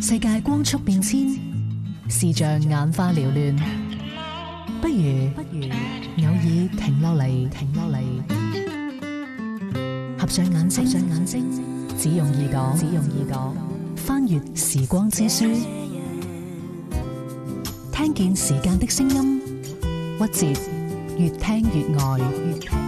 世界光速變遷，視像眼花繚亂，不如，不如偶爾停落嚟，合上眼睛，只用耳朵翻閱時光之書，聽見時間的聲音，曲折越聽越愛。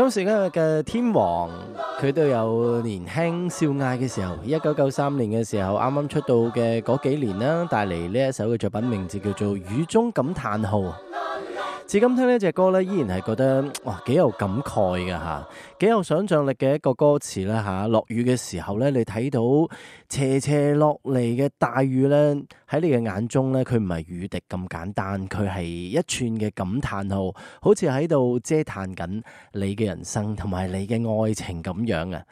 當時嘅天王，佢都有年輕少艾嘅時候。一九九三年嘅時候，啱啱出道嘅嗰幾年啦，帶嚟呢一首嘅作品，名字叫做《雨中感嘆號》。至今聽呢隻歌呢，依然係覺得哇，幾有感慨嘅吓，幾有想象力嘅一個歌詞啦吓。落雨嘅時候呢，你睇到。斜斜落嚟嘅大雨呢，喺你嘅眼中呢，佢唔係雨滴咁簡單，佢係一串嘅感嘆號，好似喺度嗟嘆緊你嘅人生同埋你嘅愛情咁樣啊！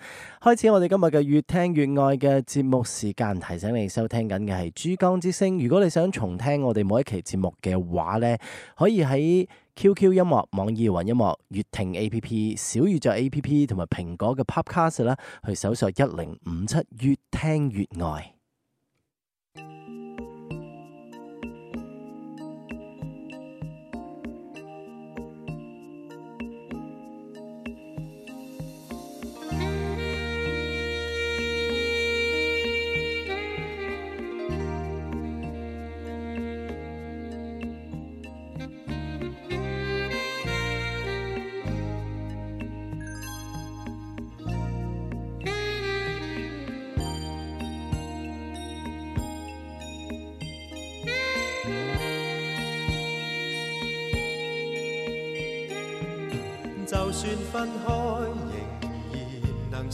開始我哋今日嘅越聽越愛嘅節目時間，提醒你收聽緊嘅係珠江之聲。如果你想重聽我哋每一期節目嘅話呢，可以喺。QQ 音樂、網易雲音樂、越聽 A P P、小宇宙 A P P 同埋蘋果嘅 Podcast 啦，去搜索一零五七，越聽越愛。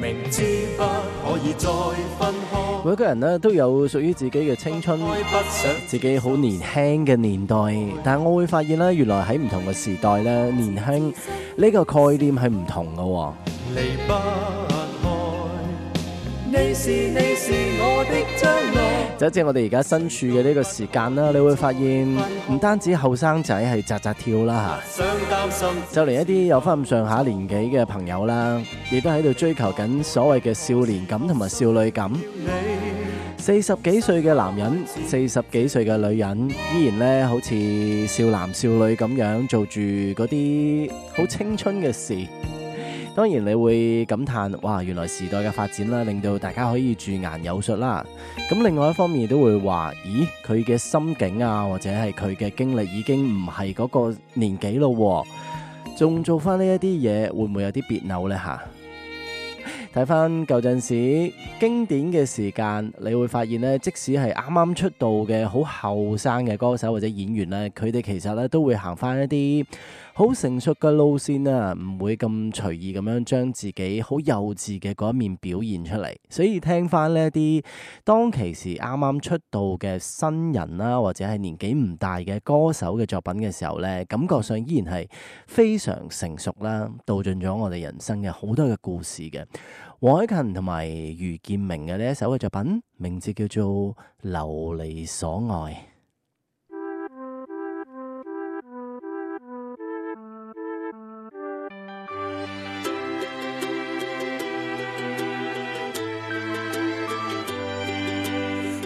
明知不可以再分開，每個人咧都有屬於自己嘅青春，自己好年輕嘅年代。但係我會發現咧，原來喺唔同嘅時代咧，年輕呢個概念係唔同嘅，離不開你是你是我的將來。就即係我哋而家身處嘅呢個時間啦，你會發現唔單止後生仔係紮扎跳啦吓，就連一啲有翻咁上下年紀嘅朋友啦，亦都喺度追求緊所謂嘅少年感同埋少女感。四十幾歲嘅男人，四十幾歲嘅女人，依然咧好似少男少女咁樣做住嗰啲好青春嘅事。.當然你會感嘆，哇！原來時代嘅發展啦，令到大家可以駐顏有術啦。咁另外一方面都會話，咦，佢嘅心境啊，或者係佢嘅經歷已經唔係嗰個年紀咯，仲做翻呢一啲嘢，會唔會有啲彆扭呢？吓，睇翻舊陣時經典嘅時間，你會發現咧，即使係啱啱出道嘅好後生嘅歌手或者演員咧，佢哋其實咧都會行翻一啲。好成熟嘅路線啊，唔會咁隨意咁樣將自己好幼稚嘅嗰一面表現出嚟。所以聽翻呢啲當其時啱啱出道嘅新人啦，或者係年紀唔大嘅歌手嘅作品嘅時候呢，感覺上依然係非常成熟啦，道盡咗我哋人生嘅好多嘅故事嘅。黃凱芹同埋余建明嘅呢一首嘅作品，名字叫做《流離所愛》。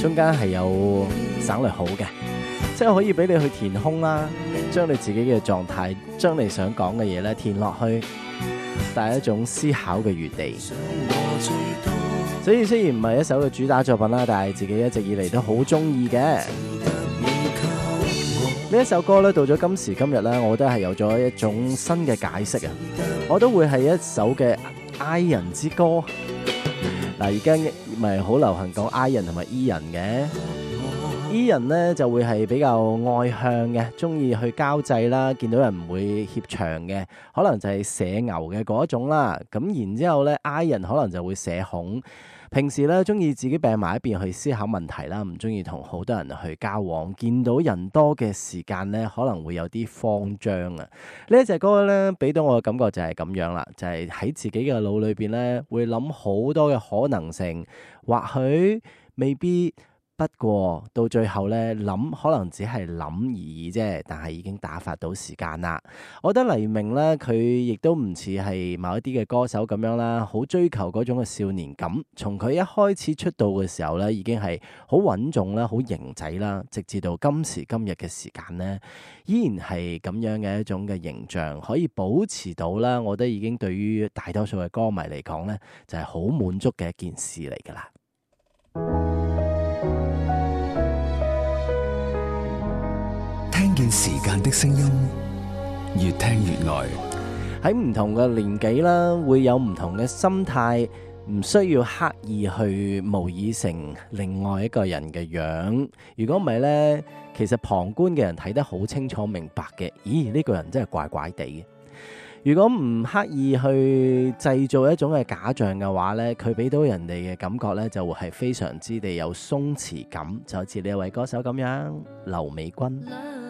中間係有省略好嘅，即係可以俾你去填空啦，將你自己嘅狀態，將你想講嘅嘢，咧填落去，但係一種思考嘅餘地。所以雖然唔係一首嘅主打作品啦，但係自己一直以嚟都好中意嘅。呢一首歌咧，到咗今時今日咧，我都係有咗一種新嘅解釋啊！我都會係一首嘅 i 人之歌。嗱，而家咪好流行講 I 人同埋 E 人嘅，E 人咧就會係比較外向嘅，中意去交際啦，見到人唔會怯場嘅，可能就係社牛嘅嗰一種啦。咁然之後咧，I 人可能就會社恐。平時咧中意，自己病埋一邊去思考問題啦，唔中意同好多人去交往，見到人多嘅時間咧可能會有啲慌張啊。呢一隻歌咧俾到我嘅感覺就係咁樣啦，就係喺自己嘅腦裏邊咧會諗好多嘅可能性，或許未必。Maybe 不過到最後咧，諗可能只係諗而，而已啫，但係已經打發到時間啦。我覺得黎明咧，佢亦都唔似係某一啲嘅歌手咁樣啦，好追求嗰種嘅少年感。從佢一開始出道嘅時候咧，已經係好穩重啦，好型仔啦，直至到今時今日嘅時間咧，依然係咁樣嘅一種嘅形象，可以保持到啦。我覺得已經對於大多數嘅歌迷嚟講咧，就係好滿足嘅一件事嚟噶啦。時間的聲音越聽越愛。喺唔同嘅年紀啦，會有唔同嘅心態，唔需要刻意去模擬成另外一個人嘅樣。如果唔係呢，其實旁觀嘅人睇得好清楚明白嘅。咦，呢個人真係怪怪地。如果唔刻意去製造一種嘅假象嘅話呢，佢俾到人哋嘅感覺呢，就會係非常之地有鬆弛感。就好似呢位歌手咁樣，劉美君。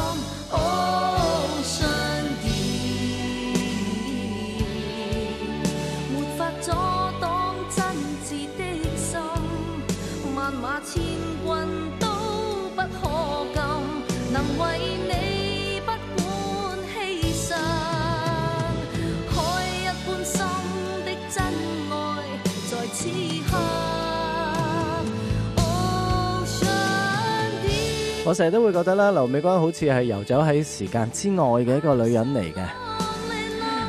我成日都會覺得咧，劉美君好似係游走喺時間之外嘅一個女人嚟嘅，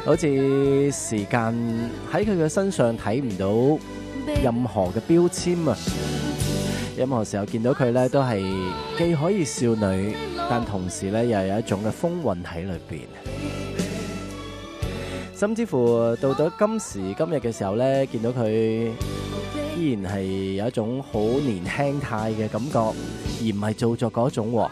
好似時間喺佢嘅身上睇唔到任何嘅標籤啊！任何時候見到佢咧，都係既可以少女，但同時咧又有一種嘅風韻喺裏邊。甚至乎到咗今時今日嘅時候咧，見到佢依然係有一種好年輕態嘅感覺。而唔係做作嗰種喎。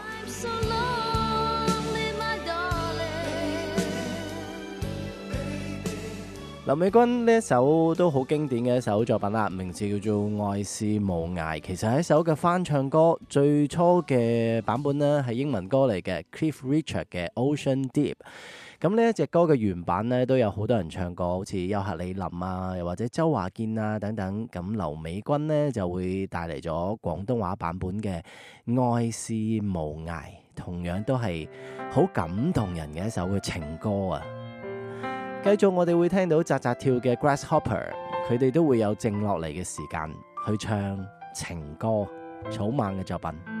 劉美君呢一首都好經典嘅一首作品啦，名字叫做《愛是無涯》。其實係一首嘅翻唱歌，最初嘅版本呢係英文歌嚟嘅，Cliff Richard 嘅《Ocean Deep》。咁呢一隻歌嘅原版咧都有好多人唱過，好似尤克里林啊，又或者周華健啊等等。咁劉美君呢，就會帶嚟咗廣東話版本嘅《愛是無涯》，同樣都係好感動人嘅一首嘅情歌啊！繼續我哋會聽到扎扎跳嘅《Grasshopper》，佢哋都會有靜落嚟嘅時間去唱情歌、草蜢嘅作品。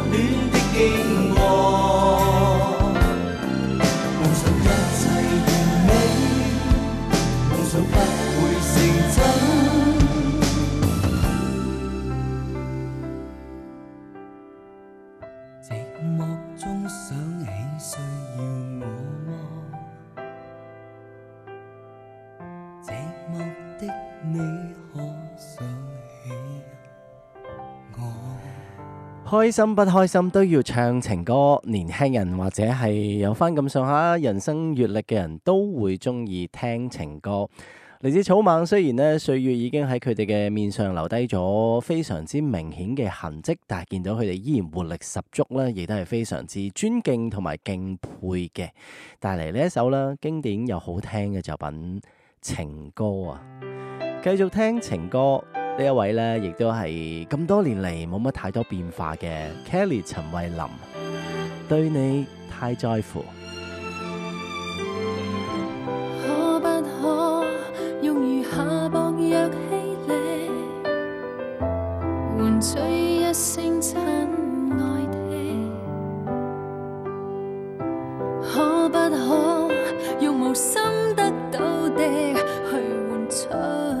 開心不開心都要唱情歌，年輕人或者係有翻咁上下人生閱歷嘅人都會中意聽情歌。嚟自草蜢，雖然呢歲月已經喺佢哋嘅面上留低咗非常之明顯嘅痕跡，但係見到佢哋依然活力十足啦，亦都係非常之尊敬同埋敬佩嘅。帶嚟呢一首啦，經典又好聽嘅作品情歌啊，繼續聽情歌。呢一位呢，亦都係咁多年嚟，冇乜太多變化嘅 Kelly 陳慧琳，對你太在乎。可不可用餘下薄弱氣力，換取一聲親愛的？可不可用無心得到的，去換出？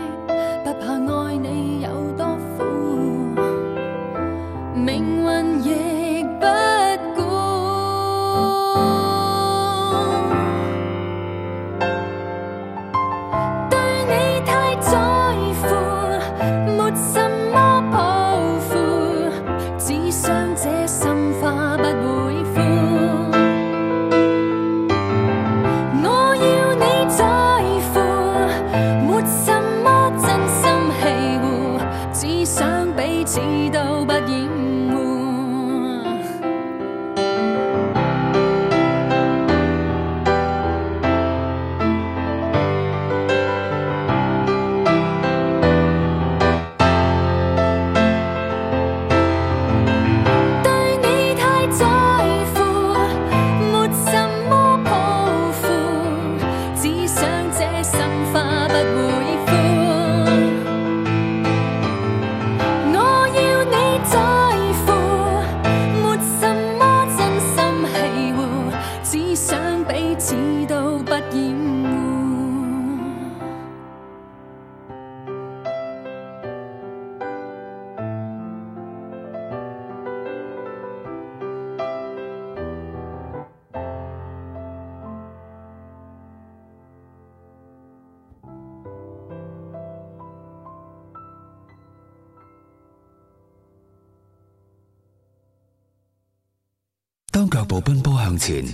腳步奔波向前，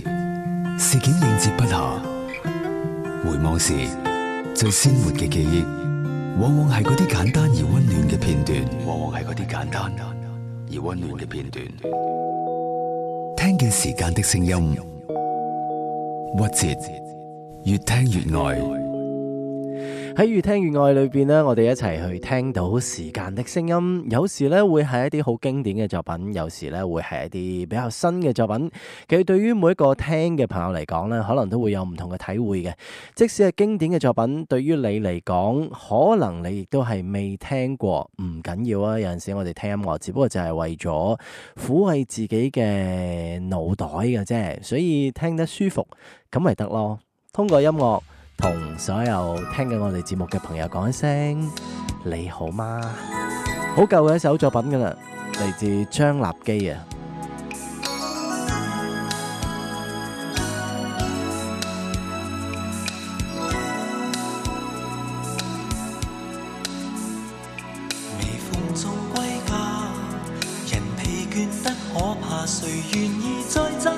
事件應接不暇。回望時，最鮮活嘅記憶，往往係嗰啲簡單而溫暖嘅片段。往往係啲簡單而溫暖嘅片段。聽見時間的聲音，曲折，越聽越愛。喺越聽越愛裏邊呢，我哋一齊去聽到時間的聲音。有時咧會係一啲好經典嘅作品，有時咧會係一啲比較新嘅作品。其實對於每一個聽嘅朋友嚟講咧，可能都會有唔同嘅體會嘅。即使係經典嘅作品，對於你嚟講，可能你亦都係未聽過，唔緊要啊。有陣時我哋聽音樂，只不過就係為咗撫慰自己嘅腦袋嘅啫，所以聽得舒服咁咪得咯。通過音樂。同所有聽緊我哋節目嘅朋友講一聲，你好嗎？好舊嘅一首作品噶啦，嚟自張立基呀。微風中歸家，人疲倦得可怕，誰願意再爭？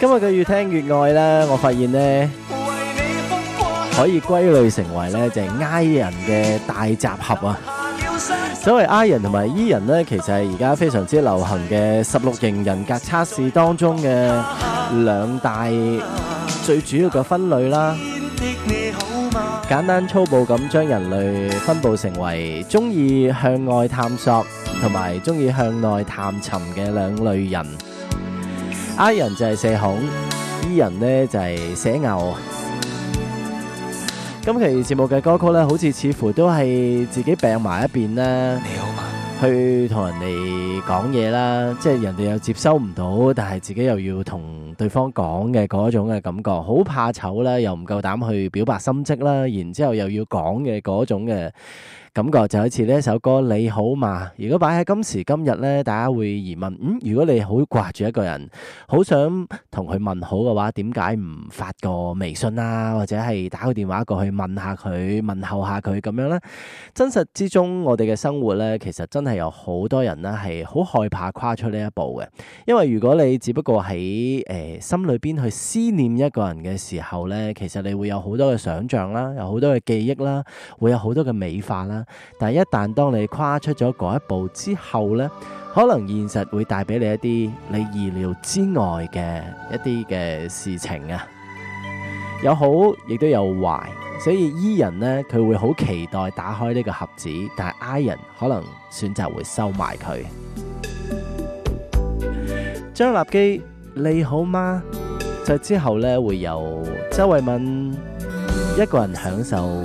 今日嘅越聽越愛咧，我發現咧可以歸類成為咧就係 I 人嘅大集合啊。所謂 I 人同埋 E 人咧，其實係而家非常之流行嘅十六型人格測試當中嘅兩大最主要嘅分類啦。簡單粗暴咁將人類分布成為中意向外探索同埋中意向內探尋嘅兩類人。I 人就係社恐，E 人呢就係社牛。今期節目嘅歌曲呢，好似似乎都係自己病埋一邊啦，去同人哋講嘢啦，即係人哋又接收唔到，但係自己又要同對方講嘅嗰種嘅感覺，好怕醜啦，又唔夠膽去表白心跡啦，然之後又要講嘅嗰種嘅。感覺就好似呢一首歌你好嘛。如果擺喺今時今日咧，大家會疑問嗯，如果你好掛住一個人，好想同佢問好嘅話點解唔發個微信啊，或者係打個電話過去問下佢、問候下佢咁樣咧？真實之中，我哋嘅生活咧，其實真係有好多人咧係好害怕跨出呢一步嘅，因為如果你只不過喺、呃、心裏邊去思念一個人嘅時候咧，其實你會有好多嘅想象啦，有好多嘅記憶啦，會有好多嘅美化啦。但一旦當你跨出咗嗰一步之後呢，可能現實會帶俾你一啲你意料之外嘅一啲嘅事情啊，有好亦都有壞，所以 E 人呢，佢會好期待打開呢個盒子，但係 I 人可能選擇會收埋佢。張立基，你好嗎？就之後呢，會有周慧敏一個人享受。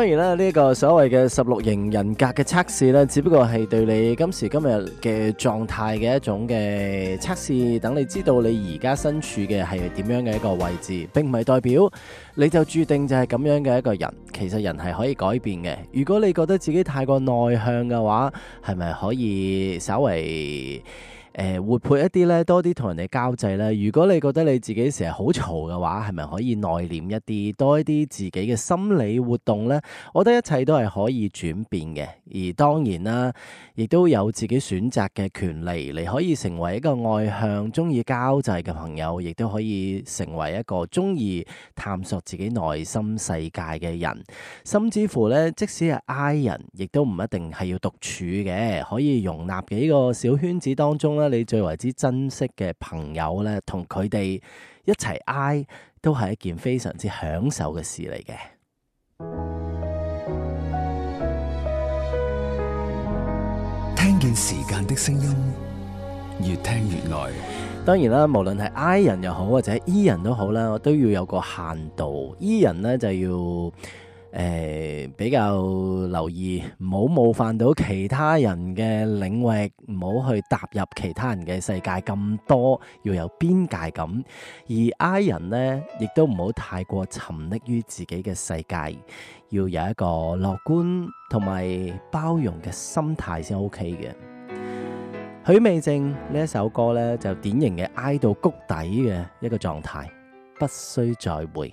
當然啦，呢一個所謂嘅十六型人格嘅測試呢，只不過係對你今時今日嘅狀態嘅一種嘅測試，等你知道你而家身處嘅係點樣嘅一個位置，並唔係代表你就注定就係咁樣嘅一個人。其實人係可以改變嘅。如果你覺得自己太過內向嘅話，係咪可以稍微，誒，活潑一啲咧，多啲同人哋交際咧。如果你覺得你自己成日好嘈嘅話，係咪可以內斂一啲，多一啲自己嘅心理活動呢？我覺得一切都係可以轉變嘅，而當然啦，亦都有自己選擇嘅權利，你可以成為一個外向、中意交際嘅朋友，亦都可以成為一個中意探索自己內心世界嘅人。甚至乎呢，即使係 i 人，亦都唔一定係要獨處嘅，可以容納幾個小圈子當中咧。你最為之珍惜嘅朋友咧，同佢哋一齊 i，都係一件非常之享受嘅事嚟嘅。聽見時間的聲音，越聽越耐。當然啦，無論係 i 人又好，或者 e 人都好啦，我都要有個限度。e 人呢，就要。誒、哎，比較留意，唔好冒犯到其他人嘅領域，唔好去踏入其他人嘅世界咁多，要有邊界感。而 I 人呢，亦都唔好太過沉溺於自己嘅世界，要有一個樂觀同埋包容嘅心態先 OK 嘅。許美靜呢一首歌呢，就典型嘅 I 到谷底嘅一個狀態，不需再會，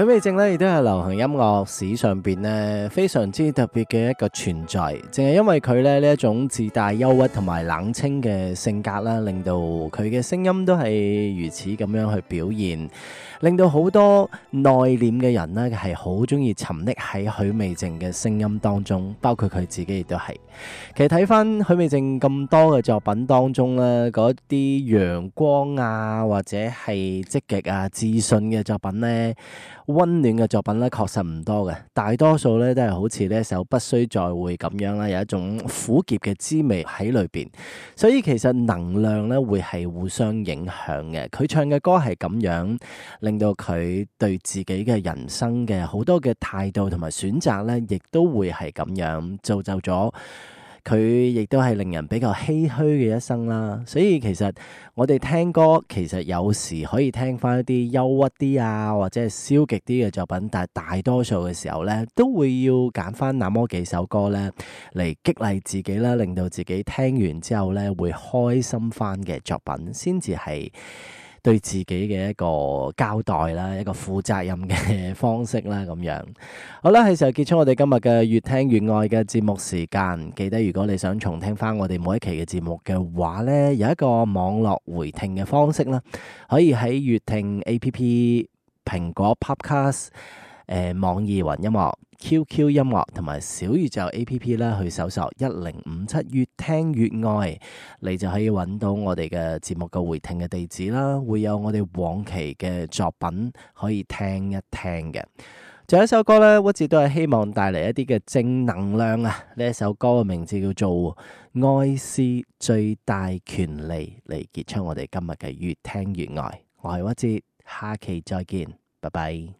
許美靜呢，亦都係流行音樂史上邊咧，非常之特別嘅一個存在，正係因為佢咧呢一種自帶憂鬱同埋冷清嘅性格啦，令到佢嘅聲音都係如此咁樣去表現，令到好多內斂嘅人呢係好中意，沉溺喺許美靜嘅聲音當中，包括佢自己亦都係。其實睇翻許美靜咁多嘅作品當中，呢嗰啲陽光啊或者係積極啊自信嘅作品呢。溫暖嘅作品咧，確實唔多嘅，大多數咧都係好似呢首不需再會咁樣啦，有一種苦澀嘅滋味喺裏邊。所以其實能量咧會係互相影響嘅。佢唱嘅歌係咁樣，令到佢對自己嘅人生嘅好多嘅態度同埋選擇咧，亦都會係咁樣造就咗。佢亦都係令人比較唏噓嘅一生啦，所以其實我哋聽歌其實有時可以聽返一啲憂鬱啲啊，或者係消極啲嘅作品，但係大多數嘅時候咧，都會要揀返那麼幾首歌咧嚟激勵自己啦，令到自己聽完之後咧會開心返嘅作品先至係。對自己嘅一個交代啦，一個負責任嘅方式啦，咁樣好啦，係時候結束我哋今日嘅越聽越愛嘅節目時間。記得如果你想重聽返我哋每一期嘅節目嘅話呢，有一個網絡回聽嘅方式啦，可以喺越聽 APP、蘋果 Podcast、呃、誒網易雲音樂、QQ 音樂同埋小宇宙 A P P 啦，去搜索一零五七越聽越愛，你就可以搵到我哋嘅節目嘅回聽嘅地址啦，會有我哋往期嘅作品可以聽一聽嘅。仲有一首歌呢，屈志都係希望帶嚟一啲嘅正能量啊！呢一首歌嘅名字叫做《愛是最大權利》來，嚟結束我哋今日嘅越聽越愛。我係屈志，下期再見，拜拜。